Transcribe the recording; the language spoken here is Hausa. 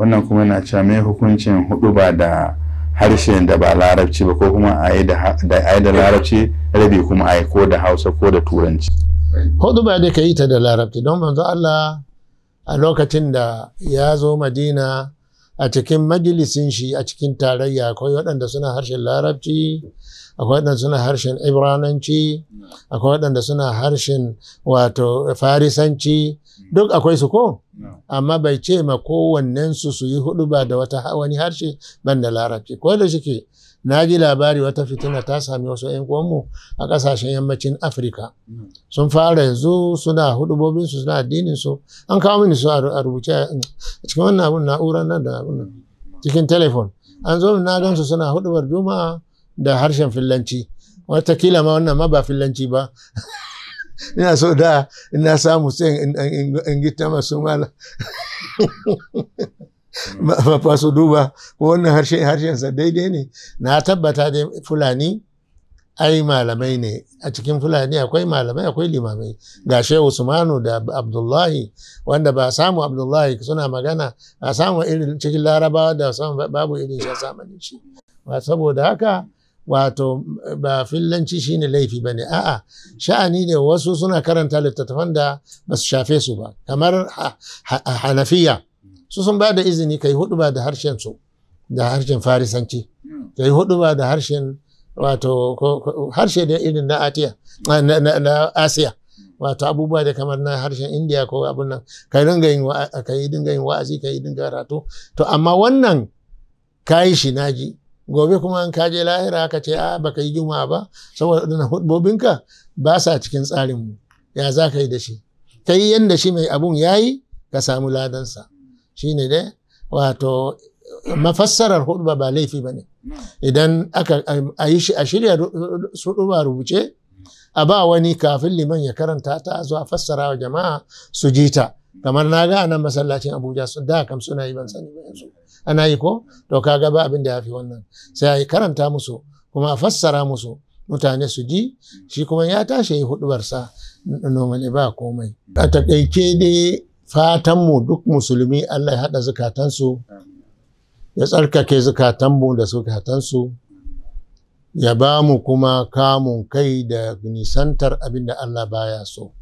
wannan kuma yana cewa mai hukuncin hudu ba da harshe da ba larabci ba ko kuma a yi da larabci rabi kuma a yi ko da hausa ko da turanci hudu ba da ka yi ta da larabci don manzo Allah a lokacin da ya zo madina a cikin majalisin shi a cikin tarayya akwai waɗanda suna harshen larabci akwai waɗanda suna harshen ibrananci akwai waɗanda suna harshen wato farisanci duk akwai su ko amma bai ce ma kowannensu su yi hudu ba da wata wani harshe ban da larabci ko da shike na ji labari wata fitina ta sami wasu 'yan uwanmu a kasashen yammacin afirka sun fara yanzu suna su suna su an kawo mini su a rubuce a cikin wannan abun na'urar nan da abun cikin telefon an zo na gansu suna hudubar juma'a da harshen fillanci watakila ma wannan ma ba fillanci ba ina so da ina samu sai in gita masu mala ba su duba ko wannan harshe harshensa daidai ne na tabbata dai fulani ai malamai ne a cikin fulani akwai malamai akwai limamai ga shehu usmanu da abdullahi wanda ba samu abdullahi suna magana a samu irin cikin larabawa da samu babu irin shi zamanin shi saboda haka wato ba fillanci shine laifi ba ne a'a sha'ani ne wasu suna karanta littattafan da ba su shafe su ba kamar hanafiya su sun ba da izini kai hudu ba da harshen su da harshen farisanci kai hudu ba da harshen wato harshe da irin na atiya na asiya wato abubuwa da kamar na harshen indiya ko abun nan kai dinga yin kai dinga yin wa'azi kai dinga karatu to amma wannan kayi shi naji gobe kuma in ka je lahira ka ce a ah, baka yi juma'a ba saboda waɗannan hudbobinka ba sa cikin tsarin mu ya za ka yi da shi ka yi yadda shi mai abun ya yi ka samu ladansa shi ne dai wato mafassarar hudba ba laifi ba ne idan aka a shirya hudba rubuce a ba wani kafin liman ya karanta ta zuwa fassara wa jama'a su ji ta kamar na ga anan masallacin abuja su da kam suna yi ban sani ba yanzu ana yi ko to ka ga ba abin da ya fi wannan sai a karanta musu kuma a fassara musu mutane su ji shi kuma ya tashi yi huduwarsa nomali ba komai a takaice dai fatanmu duk musulmi allah ya haɗa zukatansu ya tsarkake zukatanmu da zukatansu ya ba mu kuma kamun kai da nisantar abin da allah baya so